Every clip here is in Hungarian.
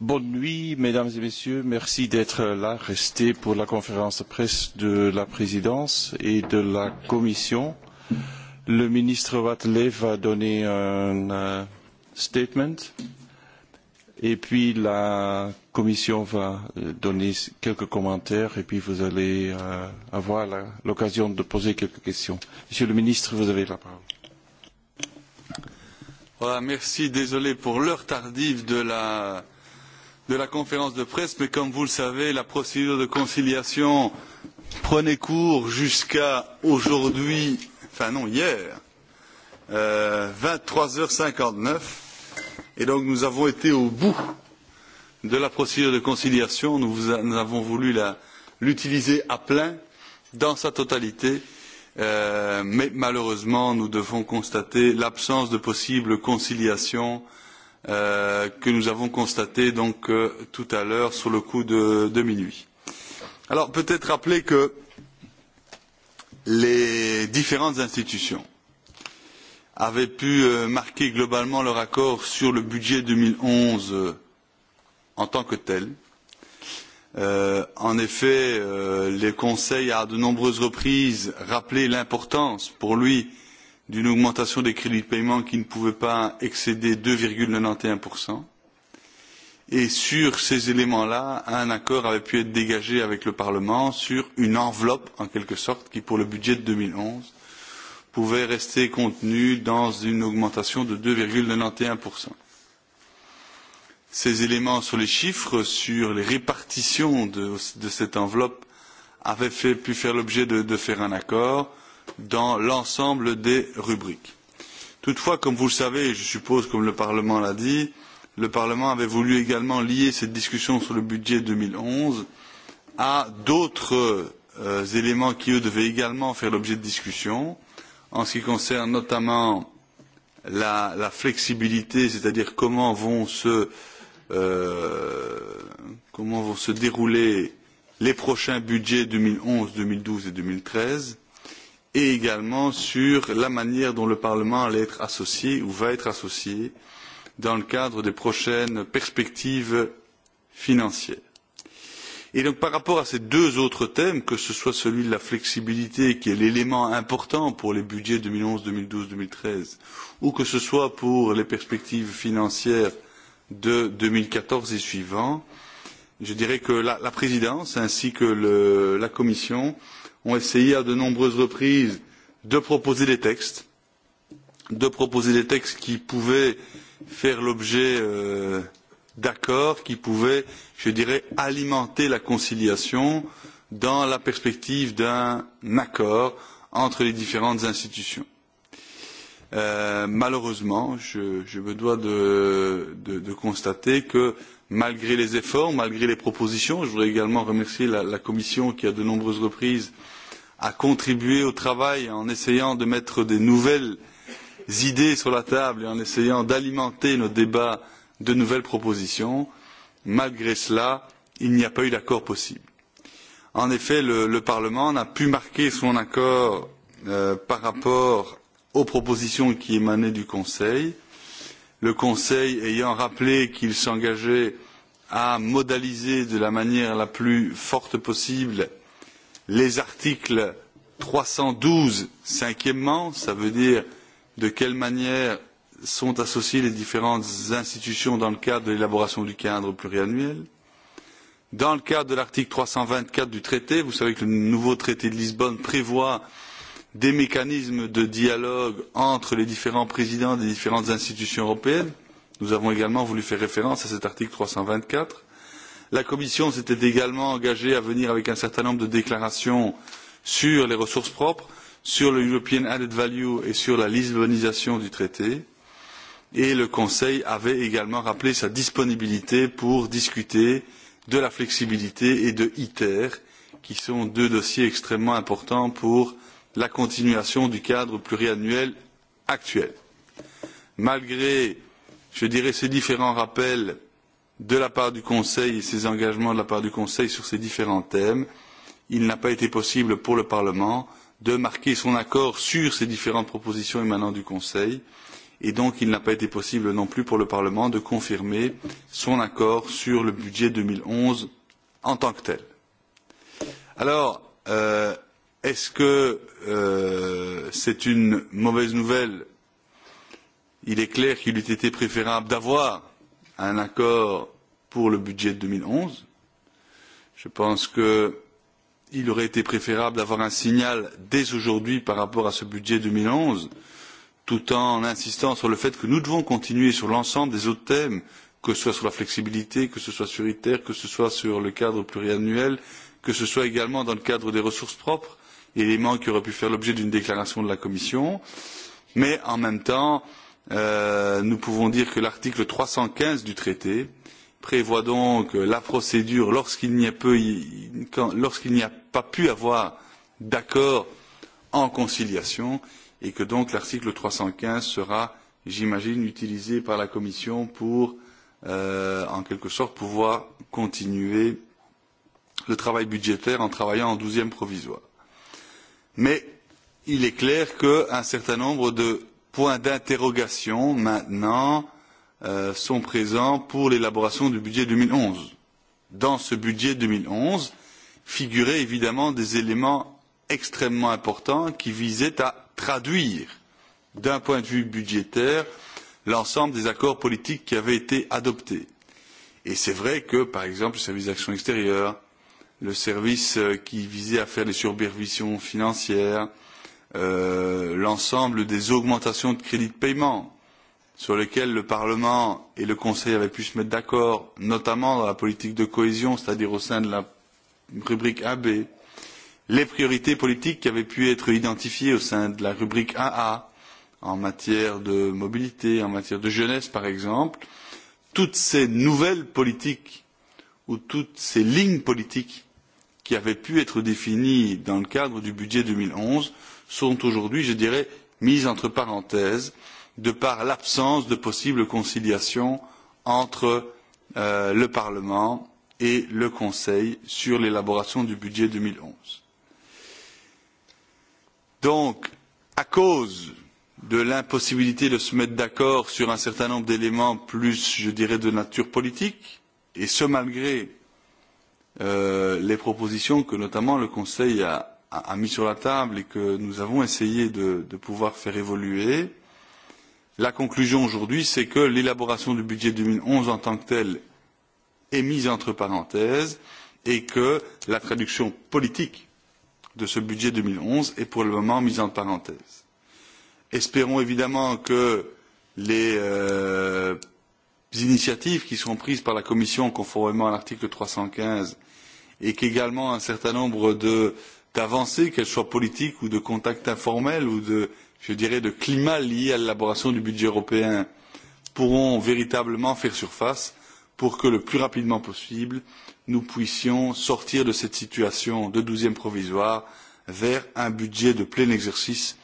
Bonne nuit, mesdames et messieurs. Merci d'être là, restés pour la conférence de presse de la présidence et de la commission. Le ministre Wathelet va donner un uh, statement et puis la commission va euh, donner quelques commentaires et puis vous allez uh, avoir l'occasion de poser quelques questions. Monsieur le ministre, vous avez la parole. Voilà, merci. Désolé pour l'heure tardive de la de la conférence de presse, mais comme vous le savez, la procédure de conciliation prenait cours jusqu'à aujourd'hui, enfin non, hier, euh, 23h59. Et donc nous avons été au bout de la procédure de conciliation. Nous, vous a, nous avons voulu l'utiliser à plein, dans sa totalité. Euh, mais malheureusement, nous devons constater l'absence de possible conciliation euh, Euh, que nous avons constaté donc euh, tout à l'heure sur le coup de, de minuit. Alors peut-être rappeler que les différentes institutions avaient pu euh, marquer globalement leur accord sur le budget 2011 euh, en tant que tel. Euh, en effet, euh, le Conseil a à de nombreuses reprises rappelé l'importance pour lui euh, d'une augmentation des crédits de paiement qui ne pouvait pas excéder 2,91%. Et sur ces éléments-là, un accord avait pu être dégagé avec le Parlement sur une enveloppe, en quelque sorte, qui, pour le budget de 2011, pouvait rester contenue dans une augmentation de 2,91%. Ces éléments sur les chiffres, sur les répartitions de, de cette enveloppe, avaient fait, pu faire l'objet de, de faire un accord dans l'ensemble des rubriques. Toutefois, comme vous le savez, et je suppose comme le Parlement l'a dit, le Parlement avait voulu également lier cette discussion sur le budget 2011 à d'autres euh, éléments qui, eux, devaient également faire l'objet de discussion, en ce qui concerne notamment la, la flexibilité, c'est-à-dire comment vont euh, comment vont se dérouler les prochains budgets 2011, 2012 et 2013, et également sur la manière dont le Parlement allait être associé ou va être associé dans le cadre des prochaines perspectives financières. Et donc par rapport à ces deux autres thèmes, que ce soit celui de la flexibilité qui est l'élément important pour les budgets 2011, 2012, 2013, ou que ce soit pour les perspectives financières de 2014 et suivants, je dirais que la, la présidence ainsi que le, la Commission ont essayé à de nombreuses reprises de proposer des textes, de proposer des textes qui pouvaient faire l'objet euh, d'accords, qui pouvaient, je dirais, alimenter la conciliation dans la perspective d'un accord entre les différentes institutions. Euh, malheureusement, je, je me dois de, de, de constater que malgré les efforts, malgré les propositions. Je voudrais également remercier la, la Commission qui, à de nombreuses reprises, a contribué au travail en essayant de mettre des nouvelles idées sur la table et en essayant d'alimenter nos débats de nouvelles propositions. Malgré cela, il n'y a pas eu d'accord possible. En effet, le, le Parlement n'a pu marquer son accord euh, par rapport aux propositions qui émanaient du Conseil. Euh, le Conseil ayant rappelé qu'il s'engageait à modaliser de la manière la plus forte possible les articles 312 cinquièmement, ça veut dire de quelle manière sont associées les différentes institutions dans le cadre de l'élaboration du cadre pluriannuel. Dans le cadre de l'article 324 du traité, vous savez que le nouveau traité de Lisbonne prévoit des mécanismes de dialogue entre les différents présidents des différentes institutions européennes. Nous avons également voulu faire référence à cet article trois cent vingt quatre La Commission s'était également engagée à venir avec un certain nombre de déclarations sur les ressources propres, sur le European Added Value et sur la lisbonnisation du traité. Et le Conseil avait également rappelé sa disponibilité pour discuter de la flexibilité et de ITER, qui sont deux dossiers extrêmement importants pour euh, la continuation du cadre pluriannuel actuel. Malgré, je dirais, ces différents rappels de la part du Conseil et ces engagements de la part du Conseil sur ces différents thèmes, il n'a pas été possible pour le Parlement de marquer son accord sur ces différentes propositions émanant du Conseil et donc il n'a pas été possible non plus pour le Parlement de confirmer son accord sur le budget 2011 en tant que tel. Alors, euh, Est-ce que euh, c'est une mauvaise nouvelle Il est clair qu'il eût été préférable d'avoir un accord pour le budget de 2011. Je pense qu'il aurait été préférable d'avoir un signal dès aujourd'hui par rapport à ce budget 2011, tout en insistant sur le fait que nous devons continuer sur l'ensemble des autres thèmes, que ce soit sur la flexibilité, que ce soit sur ITER, que ce soit sur le cadre pluriannuel, que ce soit également dans le cadre des ressources propres élément qui aurait pu faire l'objet d'une déclaration de la Commission. Mais en même temps, euh, nous pouvons dire que l'article 315 du traité prévoit donc la procédure lorsqu'il n'y a, peu, a pas pu avoir d'accord en conciliation et que donc l'article 315 sera, j'imagine, utilisé par la Commission pour, euh, en quelque sorte, pouvoir continuer le travail budgétaire en travaillant en douzième provisoire mais il est clair qu'un certain nombre de points d'interrogation maintenant euh, sont présents pour l'élaboration du budget 2011. Dans ce budget 2011 figuraient évidemment des éléments extrêmement importants qui visaient à traduire d'un point de vue budgétaire l'ensemble des accords politiques qui avaient été adoptés. Et c'est vrai que, par exemple, le service d'action extérieure, le service euh, qui visait à faire des supervisions financières, euh, l'ensemble des augmentations de crédits de paiement sur lesquelles le Parlement et le Conseil avaient pu se mettre d'accord, notamment dans la politique de cohésion, c'est-à-dire au sein de la rubrique AB, les priorités politiques qui avaient pu être identifiées au sein de la rubrique AA en matière de mobilité, en matière de jeunesse par exemple, toutes ces nouvelles politiques ou toutes ces lignes politiques qui avaient pu être définies dans le cadre du budget deux mille onze sont aujourd'hui je dirais mises entre parenthèses de par l'absence de possible conciliation entre euh, le parlement et le conseil sur l'élaboration du budget. deux mille onze donc à cause de l'impossibilité de se mettre d'accord sur un certain nombre d'éléments plus je dirais de nature politique et ce malgré Euh, les propositions que notamment le Conseil a, a, a mis sur la table et que nous avons essayé de, de pouvoir faire évoluer. La conclusion aujourd'hui, c'est que l'élaboration du budget 2011 en tant que tel est mise entre parenthèses et que la traduction politique de ce budget 2011 est pour le moment mise en parenthèse. Espérons évidemment que les euh, initiatives qui seront prises par la Commission conformément à l'article 315 et qu'également un certain nombre d'avancées, qu'elles soient politiques ou de contacts informels ou de, je dirais, de climat lié à l'élaboration du budget européen pourront véritablement faire surface pour que le plus rapidement possible, nous puissions sortir de cette situation de douzième provisoire vers un budget de plein exercice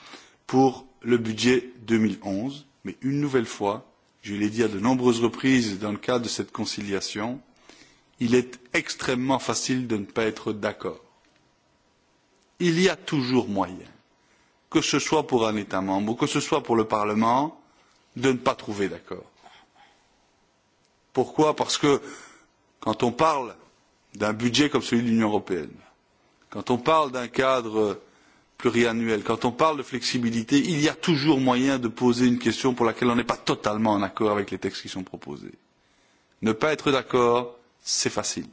pour le budget 2011. Mais une nouvelle fois, je l'ai dit à de nombreuses reprises dans le cadre de cette conciliation, il est extrêmement facile de ne pas être d'accord. Il y a toujours moyen, que ce soit pour un État membre ou que ce soit pour le Parlement, de ne pas trouver d'accord. Pourquoi Parce que quand on parle d'un budget comme celui de l'Union européenne, quand on parle d'un cadre pluriannuel, quand on parle de flexibilité, il y a toujours moyen de poser une question pour laquelle on n'est pas totalement en accord avec les textes qui sont proposés. Ne pas être d'accord, c'est facile.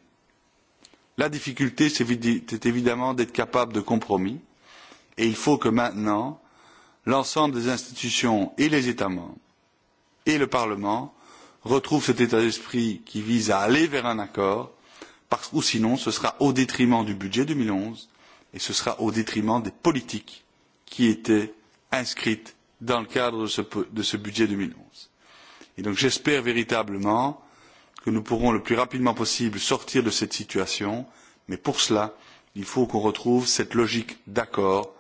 La difficulté, c'est évidemment d'être capable de compromis et il faut que maintenant l'ensemble des institutions et les États membres et le Parlement retrouvent cet état d'esprit qui vise à aller vers un accord, parce ou sinon ce sera au détriment du budget 2011 et ce sera au détriment des politiques qui étaient inscrites dans le cadre de ce, de ce budget 2011. Et donc j'espère véritablement que nous pourrons le plus rapidement possible sortir de cette situation, mais pour cela, il faut qu'on retrouve cette logique d'accord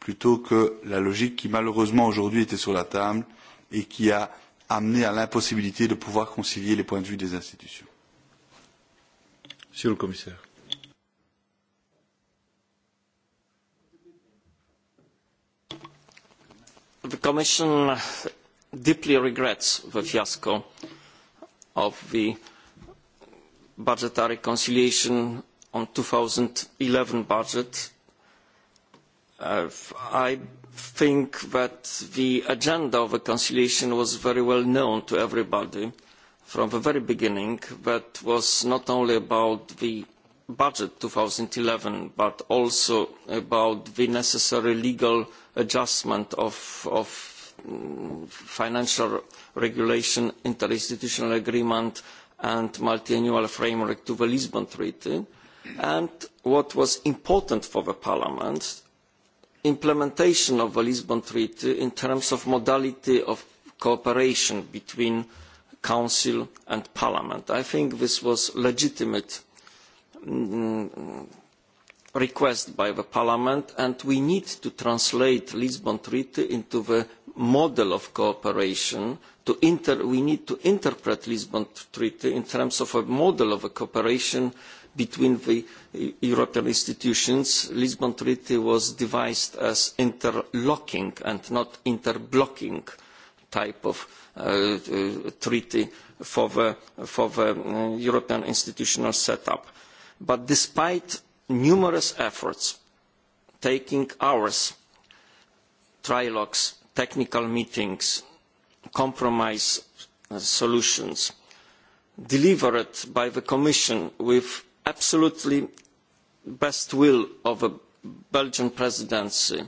plutôt que la logique qui malheureusement aujourd'hui était sur la table et qui a amené à l'impossibilité de pouvoir concilier les points de vue des institutions. Monsieur le commissaire. The Commission deeply regrets the fiasco of the budgetary conciliation on 2011 budget, uh, I think that the agenda of the conciliation was very well known to everybody from the very beginning. That was not only about the budget 2011, but also about the necessary legal adjustment of, of mm, financial regulation, interinstitutional agreement, and multiannual framework to the Lisbon Treaty. And what was important for Parliament, implementation of the Lisbon Treaty in terms of modality of cooperation between Council and Parliament. I think this was a legitimate mm, request by Parliament and we need to translate the Lisbon Treaty into the model of cooperation to inter, we need to interpret Lisbon Treaty in terms of a model of a cooperation between the European institutions. Lisbon Treaty was devised as interlocking and not interblocking type of uh, uh treaty for the, for the uh, European institutional setup. But despite numerous efforts taking hours, trilogues, technical meetings, compromise uh, solutions delivered by the Commission with absolutely best will of the Belgian presidency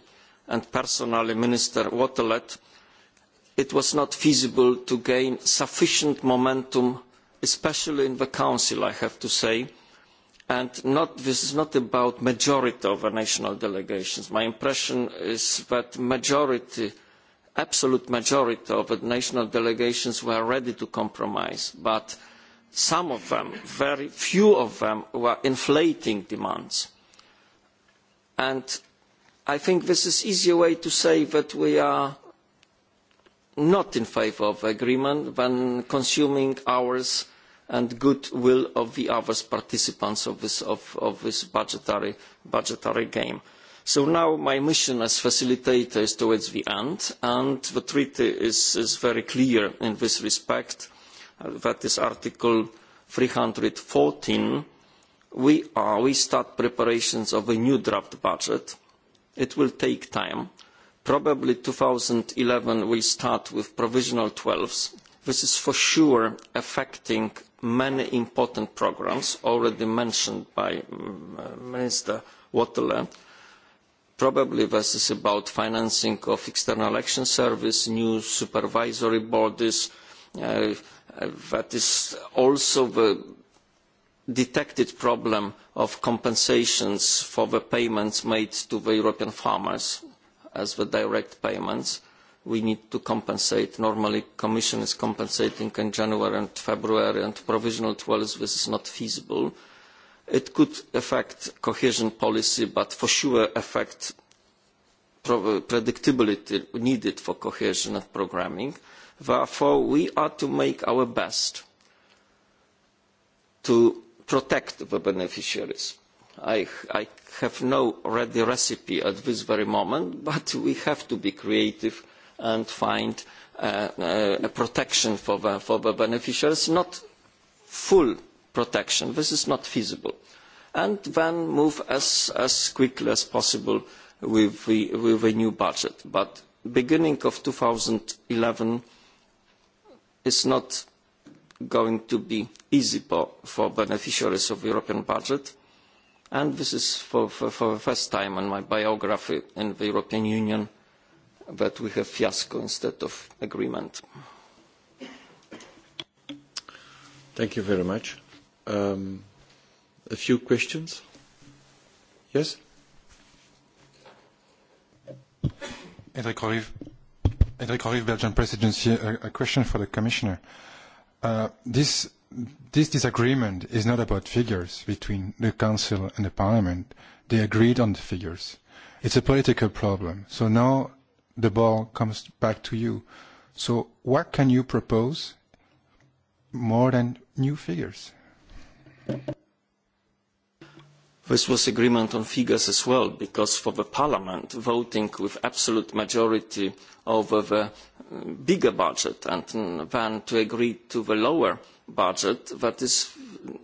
and personally Minister Waterlet, it was not feasible to gain sufficient momentum, especially in the Council, I have to say, and not, this is not about majority of the national delegations. My impression is that majority absolute majority of the national delegations were ready to compromise, but some of them, very few of them, were inflating demands. And I think this is easier way to say that we are not in favour of agreement than consuming hours and goodwill of the other participants of this, of, of this budgetary, budgetary game. So now my mission as facilitator is towards the end, and the treaty is, is very clear in this respect. Uh, that is Article 314. We, are, we start preparations of a new draft budget. It will take time. Probably 2011 will start with provisional 12s. This is for sure affecting many important programs already mentioned by um, Minister Waterland probably this is about financing of external action service, new supervisory bodies. Uh, uh, that is also the detected problem of compensations for the payments made to the European farmers as the direct payments. We need to compensate. Normally, Commission is compensating in January and February, and provisional 12, this is not feasible. Uh, It could affect cohesion policy, but for sure affect predictability needed for cohesion and programming. Therefore, we are to make our best to protect the beneficiaries. I, I have no ready recipe at this very moment, but we have to be creative and find uh, uh, a protection for the, for the beneficiaries, not full protection. This is not feasible. And then move as, as quickly as possible with, the, with a new budget. But beginning of 2011 is not going to be easy for, for beneficiaries of European budget. And this is for, for, for the first time in my biography in the European Union that we have fiasco instead of agreement. Thank you very much um, a few questions. Yes? Edric Roriv, Belgian Presidency. A, a question for the Commissioner. Uh, this, this disagreement is not about figures between the Council and the Parliament. They agreed on the figures. It's a political problem. So now the ball comes back to you. So what can you propose more than new figures? This was agreement on figures as well, because for the parliament, voting with absolute majority over the uh, bigger budget and mm, then to agree to the lower budget, that is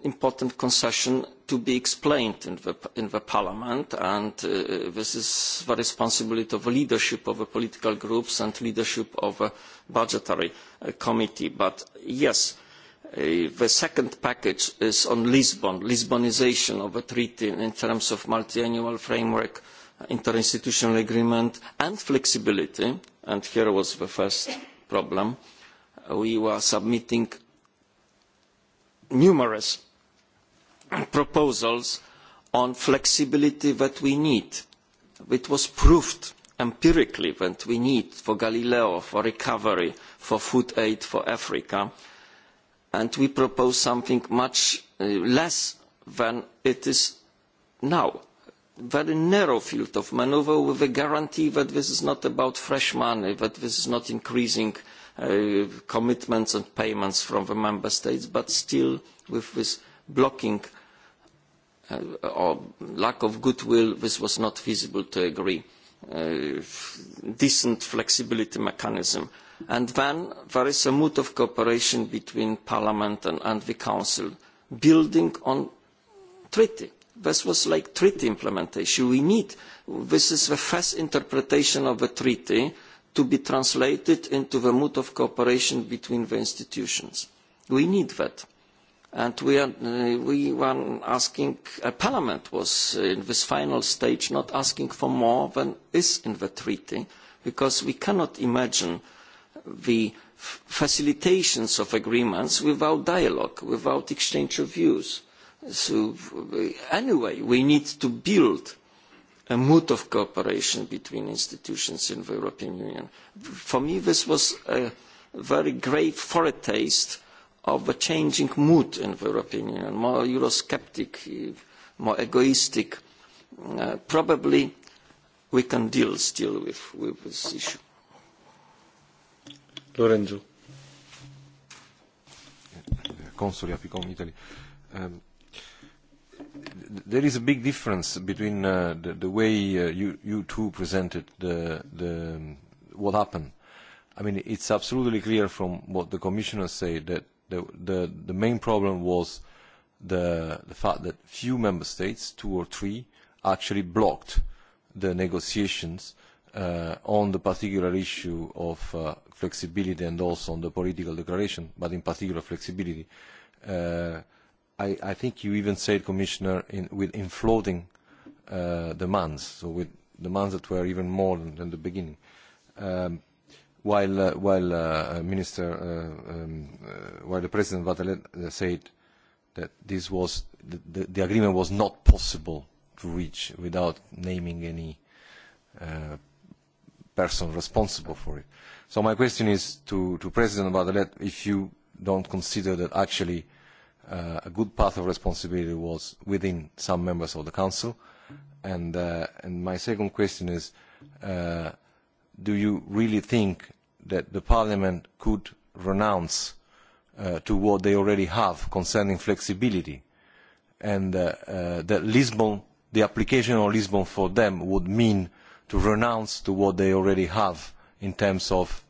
important concession to be explained in the, in the parliament, and uh, this is the responsibility of the leadership of the political groups and leadership of the budgetary uh, committee. But yes, the second package is on Lisbon, Lisbonization of a treaty in terms of multiannual framework, interinstitutional agreement and flexibility. And here was the first problem. We were submitting numerous proposals on flexibility that we need. It was proved empirically that we need for Galileo, for recovery, for food aid for Africa. Uh, and we propose something much uh, less than it is now. Very narrow field of manoeuvre with a guarantee that this is not about fresh money, that this is not increasing uh, commitments and payments from the member states, but still with this blocking uh, or lack of goodwill, this was not feasible to agree. Uh, decent flexibility mechanism. And then there is a mood of cooperation between Parliament and, and the Council, building on treaty. This was like treaty implementation. We need, this is the first interpretation of the treaty to be translated into the mood of cooperation between the institutions. We need that and we, are, uh, we were asking, uh, Parliament was uh, in this final stage not asking for more than is in the treaty, because we cannot imagine the facilitations of agreements without dialogue, without exchange of views. So uh, anyway, we need to build a mood of cooperation between institutions in the European Union. For me, this was a very great foretaste of the changing mood in the European Union, more Eurosceptic, more egoistic. Uh, probably we can deal still with, with this issue. Lorenzo. Consul Iaficom, Italy. Um, there is a big difference between uh, the, the way uh, you, you two presented the, the, um, what happened. I mean, it's absolutely clear from what the commissioner said that The, the, the main problem was the, the fact that few member states, two or three, actually blocked the negotiations uh, on the particular issue of uh, flexibility and also on the political declaration, but in particular flexibility. Uh, I, I think you even said, Commissioner, in, with in floating uh, demands, so with demands that were even more than, than the beginning. Um, while uh, while uh, Minister uh, um, uh, while the President Vatalet uh, said that this was the, the, the agreement was not possible to reach without naming any uh, person responsible for it. So my question is to, to President Vatalet if you don't consider that actually uh, a good path of responsibility was within some members of the Council. And, uh, and my second question is, uh, do you really think that the parliament could renounce uh, to what they already have concerning flexibility and uh, uh, that Lisbon, the application of Lisbon for them would mean to renounce to what they already have in terms of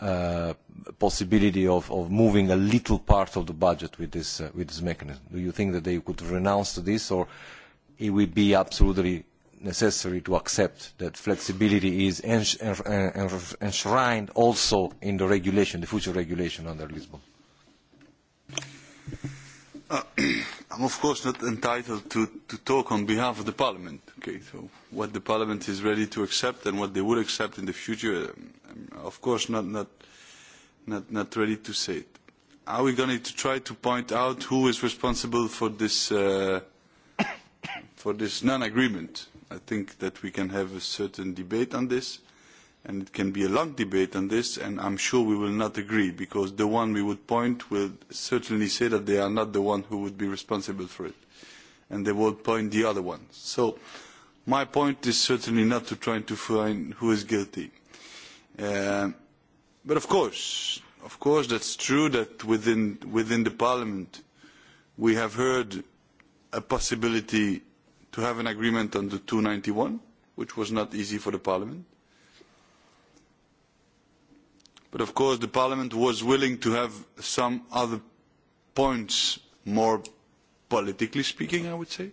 uh, possibility of, of moving a little part of the budget with this, uh, with this mechanism. Do you think that they could renounce to this or it would be absolutely necessary to accept that flexibility is enshrined also in the regulation, the future regulation under Lisbon? Uh, I'm of course not entitled to, to talk on behalf of the Parliament. Okay, so what the Parliament is ready to accept and what they would accept in the future, I'm um, of course not, not, not, not ready to say it. Are we going to try to point out who is responsible for this, uh, for this non-agreement? I think that we can have a certain debate on this, and it can be a long debate on this, and I'm sure we will not agree, because the one we would point will certainly say that they are not the one who would be responsible for it, and they will point the other one. So my point is certainly not to try to find who is guilty. Uh, but of course, of course, that's true that within, within the Parliament we have heard a possibility to have an agreement on the 291, which was not easy for the Parliament. But of course, the Parliament was willing to have some other points, more politically speaking, I would say,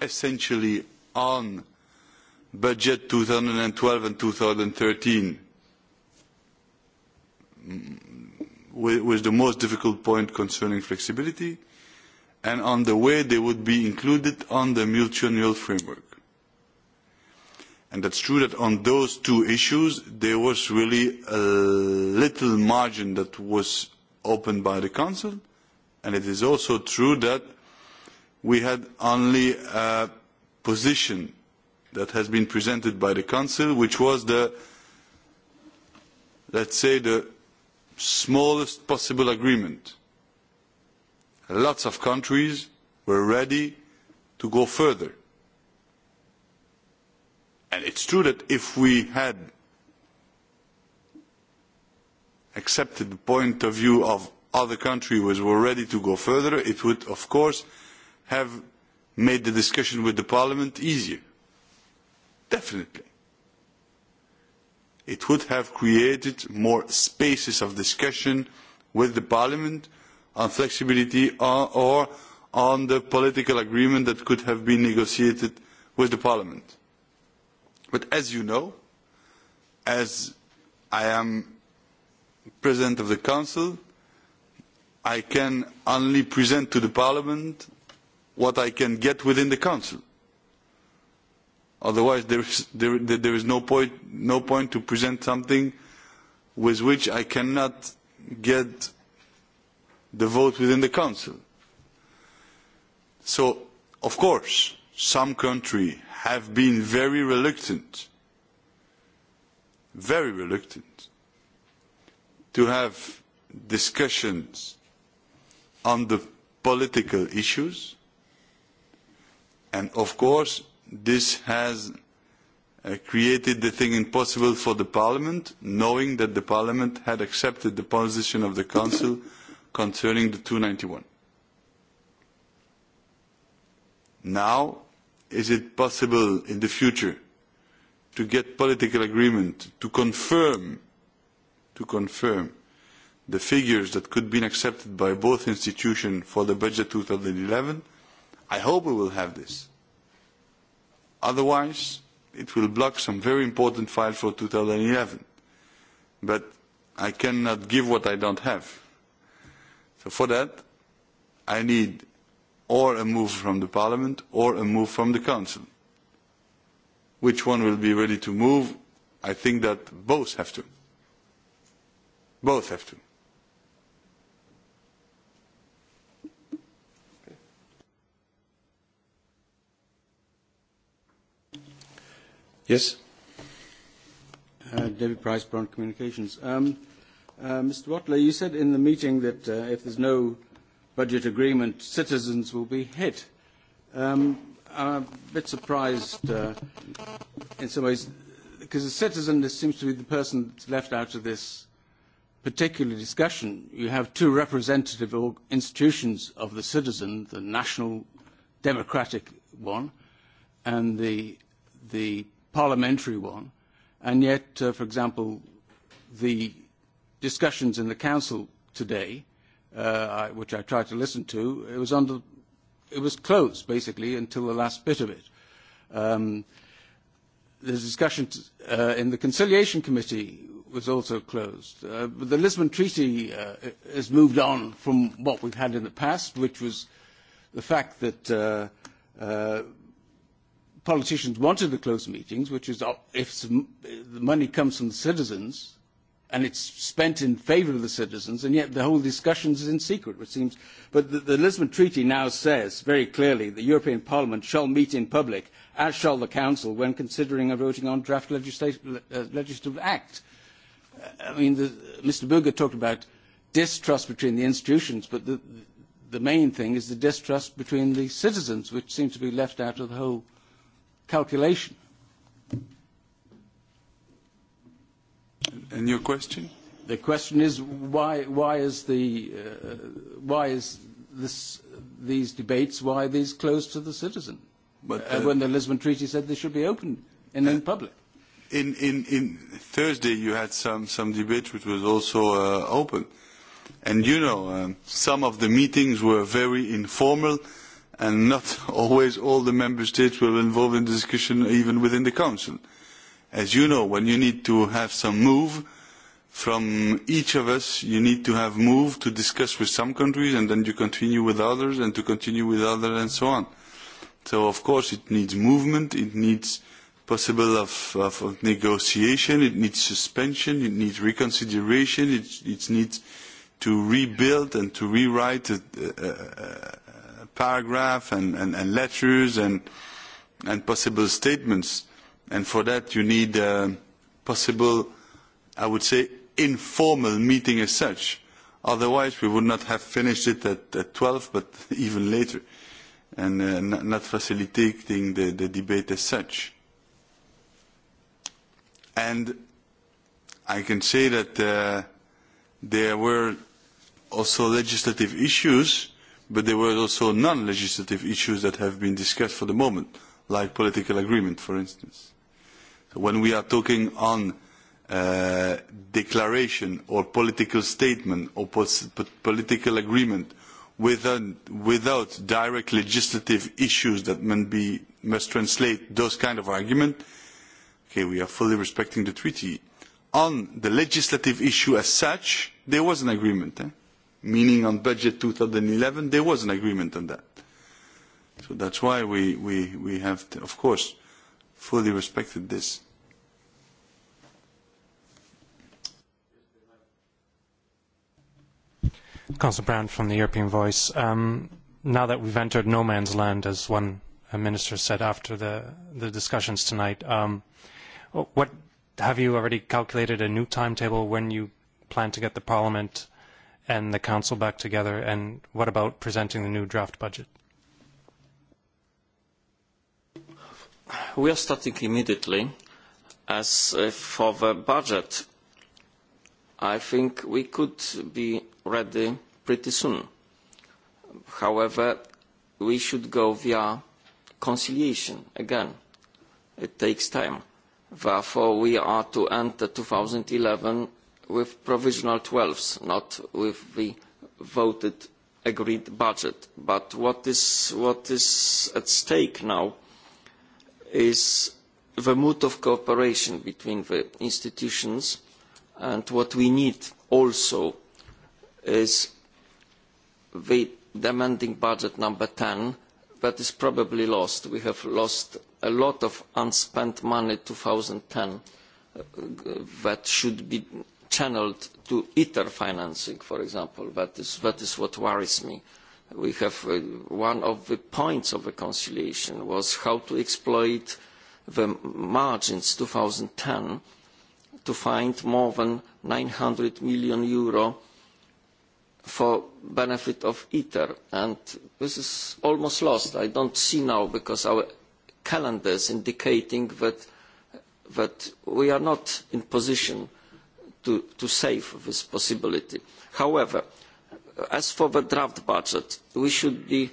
essentially on budget 2012 and 2013 mm, with, with the most difficult point concerning flexibility and on the way they would be included on the multiannual framework. And that's true that on those two issues, there was really a little margin that was opened by the Council. And it is also true that we had only a position that has been presented by the Council, which was the, let's say, the smallest possible agreement lots of countries were ready to go further. And it's true that if we had accepted the point of view of other countries which were ready to go further, it would, of course, have made the discussion with the parliament easier. Definitely. It would have created more spaces of discussion with the parliament on flexibility or on the political agreement that could have been negotiated with the parliament. But as you know, as I am president of the council, I can only present to the parliament what I can get within the council. Otherwise, there is, there, there is no, point, no point to present something with which I cannot get the vote within the Council. So, of course, some countries have been very reluctant, very reluctant, to have discussions on the political issues. And of course, this has uh, created the thing impossible for the Parliament, knowing that the Parliament had accepted the position of the Council concerning the 291. Now, is it possible in the future to get political agreement to confirm, to confirm the figures that could be accepted by both institutions for the budget 2011? I hope we will have this. Otherwise, it will block some very important files for 2011. But I cannot give what I don't have. So for that, I need or a move from the Parliament or a move from the Council. Which one will be ready to move? I think that both have to. Both have to. Yes? Uh, David Price, Brown Communications. Um, Uh, Mr. Watley, you said in the meeting that uh, if there's no budget agreement, citizens will be hit. Um, I'm a bit surprised uh, in some ways, because a citizen seems to be the person that's left out of this particular discussion. You have two representative institutions of the citizen, the national democratic one and the, the parliamentary one, and yet, uh, for example, the discussions in the Council today, uh, which I tried to listen to, it was, under, it was closed, basically, until the last bit of it. Um, the discussion uh, in the Conciliation Committee was also closed. Uh, but the Lisbon Treaty uh, has moved on from what we've had in the past, which was the fact that uh, uh, politicians wanted the closed meetings, which is uh, if the money comes from the citizens, and it's spent in favour of the citizens, and yet the whole discussion is in secret, which seems. But the, the Lisbon Treaty now says very clearly the European Parliament shall meet in public, as shall the Council, when considering and voting on draft legislative, uh, legislative act. Uh, I mean, the, Mr. Berger talked about distrust between the institutions, but the, the main thing is the distrust between the citizens, which seems to be left out of the whole calculation. And your question? The question is why, why is the uh, why is this, these debates why are these closed to the citizen? But, uh, uh, when the Lisbon Treaty said they should be open and uh, in public. In, in, in Thursday you had some, some debate which was also uh, open. And you know, um, some of the meetings were very informal and not always all the member states were involved in the discussion even within the council. Uh, as you know, when you need to have some move from each of us, you need to have move to discuss with some countries, and then you continue with others, and to continue with others, and so on. So, of course, it needs movement, it needs possible of, of, of negotiation, it needs suspension, it needs reconsideration, it, it needs to rebuild and to rewrite a, a, a paragraph and, and, and letters and, and possible statements And for that, you need a uh, possible, I would say, informal meeting as such. Otherwise, we would not have finished it at, at 12, but even later, and uh, not, not facilitating the, the debate as such. And I can say that uh, there were also legislative issues, but there were also non-legislative issues that have been discussed for the moment, like political agreement, for instance when we are talking on uh, declaration or political statement or political agreement without, without direct legislative issues that be, must translate those kind of argument, okay, we are fully respecting the treaty. On the legislative issue as such, there was an agreement. Eh? Meaning on budget 2011, there was an agreement on that. So that's why we, we, we have, to, of course, fully respected this. Council Brown from the European Voice. Um, now that we've entered no man's land, as one uh, minister said after the, the discussions tonight, um, what have you already calculated a new timetable when you plan to get the Parliament and the Council back together? And what about presenting the new draft budget? we are starting immediately. As uh, for the budget, I think we could be ready pretty soon. However, we should go via conciliation again. It takes time. Therefore, we are to enter 2011 with provisional 12s, not with the voted agreed budget. But what is, what is at stake now is the mood of cooperation between the institutions and what we need also is the demanding budget number 10 that is probably lost. We have lost a lot of unspent money 2010 uh, that should be channeled to ITER financing, for example. That is, that is what worries me we have uh, one of the points of the conciliation was how to exploit the margins 2010 to find more than 900 million euro for benefit of ITER. And this is almost lost. I don't see now because our calendar is indicating that, that we are not in position to, to save this possibility. However, as for the draft budget, we should be,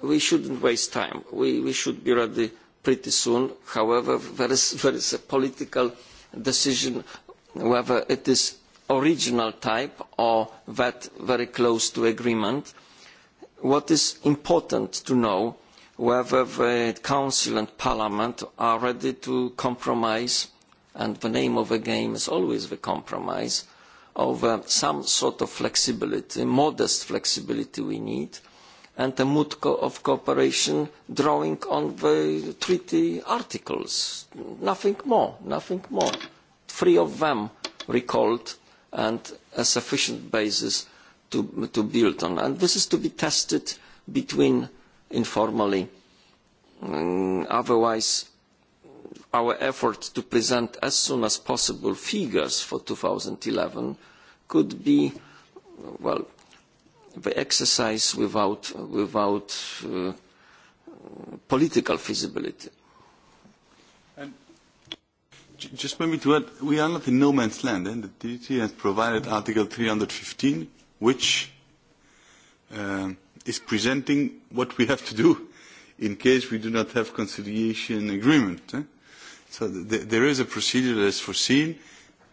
we shouldn't waste time. We, we should be ready pretty soon. However, there is, there is a political decision whether it is original type or that very close to agreement. What is important to know whether the Council and Parliament are ready to compromise, and the name of the game is always the compromise, of uh, some sort of flexibility, modest flexibility we need, and a mood co of cooperation drawing on the treaty articles. Nothing more, nothing more. Three of them recalled and a sufficient basis to, to build on. And this is to be tested between informally. Um, otherwise, our effort to present as soon as possible figures for 2011 could be, well, the exercise without, without uh, political feasibility. And just maybe to add, we are not in no man's land. Eh? The treaty has provided Article 315, which uh, is presenting what we have to do in case we do not have conciliation agreement. Eh? So th there is a procedure that is foreseen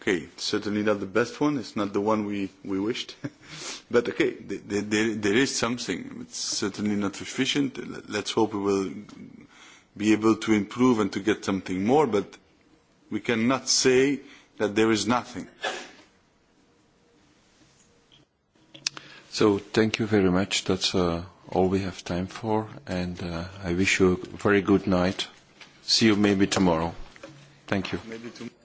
okay, certainly not the best one. It's not the one we, we wished. but okay, there, there, there is something. It's certainly not sufficient. Let's hope we will be able to improve and to get something more, but we cannot say that there is nothing. So thank you very much. That's uh, all we have time for, and uh, I wish you a very good night. See you maybe tomorrow. Thank you. Maybe tomorrow.